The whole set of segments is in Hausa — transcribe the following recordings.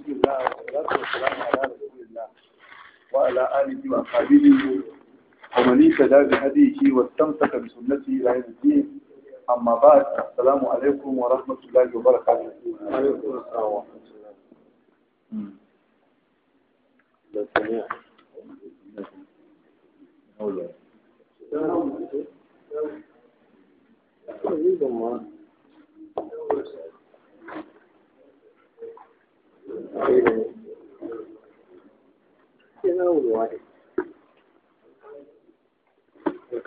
بسم الله والصلاة والسلام على رسول الله وعلى آله وأصحابه ومن اهتدى بهديه واستمسك بسنته إلى يوم الدين أما بعد السلام عليكم ورحمة الله وبركاته. وعليكم السلام ورحمة الله.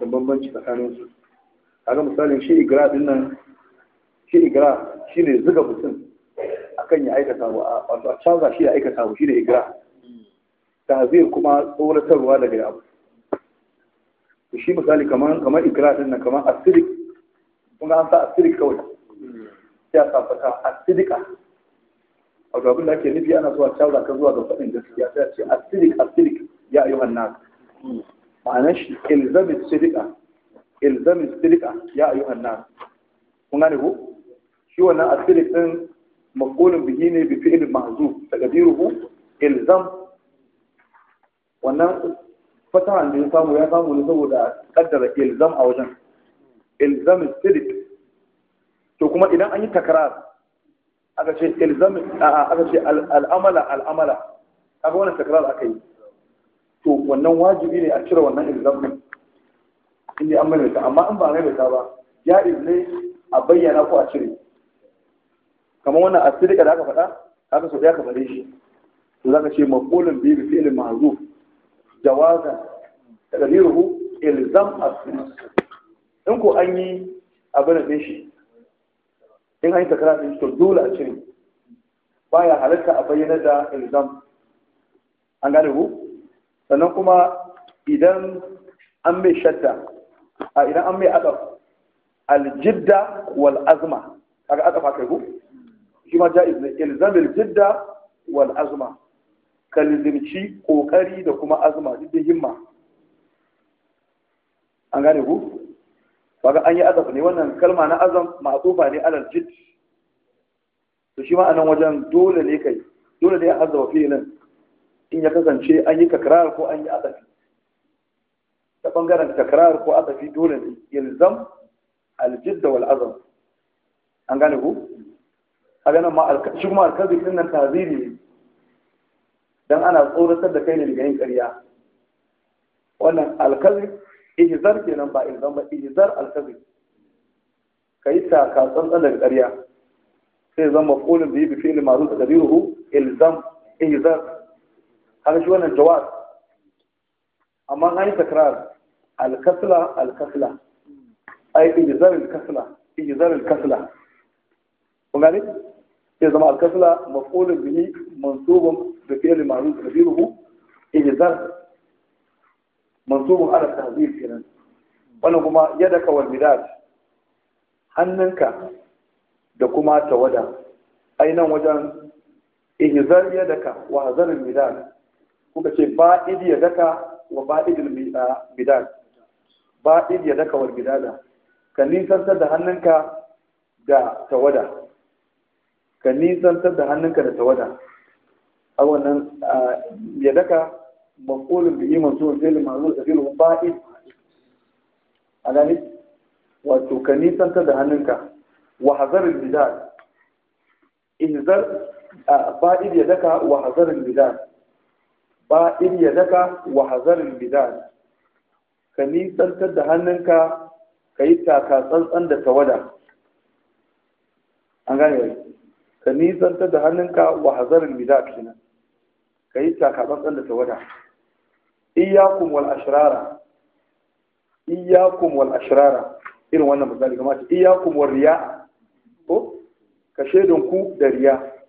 da bambanci tsakanin su ga misalin shi igra din nan shi igra shi ne zuga mutum akan ya aikata abu a canza shi ya aikata shi ne igra zai kuma tsoratarwa daga abu shi misali kamar kamar igra din nan kamar asirik kuma an sa asirik kawai sai a safata asirika wato abin da ake nufi ana so a canza ka zuwa ga faɗin gaskiya sai a ce asirik asirik ya ayyuhan wannan. ma'anar shi ilzami sidika ilzami sidika ya ayyuhan nas kun gane ku, shi wannan a din maqulun bihi ne bi fi'il mahzuf ku ilzam wannan fataha da ya samu ya samu ne saboda kaddara ilzam a wajen ilzam sidik to kuma idan an yi takrar aka ce a aka ce al'amala al'amala kaga wani takarar aka yi to wannan wajibi ne a cire wannan ilzam din inda an maimaita amma an ba maimaita ba ya ne a bayyana ko a cire kamar wannan asirika da aka faɗa haka so ɗaya ka shi to za ka ce maqulun biyu bi fi'ilin mahzuf jawazan tadiruhu ilzam asirika in ko an yi abin da shi in an yi takara ɗin shi to dole a cire baya halatta a bayyana da ilzam an gane ku sannan kuma idan an mai shadda a idan an mai adab aljidda wal azma kaga adab haka ku shi ma jaiz ne ilzamil jidda wal azma kalzimci kokari da kuma azma duk da himma an gane ku kaga an yi adab ne wannan kalma na azam ma'tufa ne alal jidd to shi ma anan wajen dole ne kai dole ne azaba fi'lan in ya kasance an yi takrar ko an yi adafi ta bangaren kakarar ko adafi dole ne ilzam aljidda wal azam an gane ku a ganin ma shi kuma alkazi din nan taziri ne dan ana tsoratar da kai ne daga yin ƙarya wannan alkazi ihzar kenan ba ilzam ba ihzar alkazi kai ta ka tsantsan daga ƙarya sai zama qulun bi bi fi'li da tadiruhu ilzam ihzar Har shi wannan jawab amma an yi takrar alkasla alkasla ai kasla ay ijzar alkasla ijzar al-kasla kun gane sai zama alkasla kasla maf'ulun bihi mansubun da fi'il ma'ruf kabiruhu ijzar mansubun ala tahzir kenan wannan kuma yadaka wal midad hannunka da kuma tawada ai nan wajen ihzar yadaka wa hazar al midad kuma ce ba idi ya daka wa ba idil bidan ba idi ya daka wal bidada ka nisantar da hannunka da tawada ka nisantar da hannunka da tawada a wannan ya daka maqulun bi iman suwan da ma'ruf da idi ba'id gani wato ka nisantar da hannunka wa in zar ba ba'id ya daka wa hazarin bidan ba ya daka wa hazarin bidan ka nisantar da hannunka ka yi taka tsantsan da tawada an gane ka nisantar da hannunka wa hazarin bidan kenan ka yi taka tsantsan da tawada iyakum wal ashrara iyakum wal ashrara irin wannan misali kamar iyakum wal riya ko ka shedon ku da riya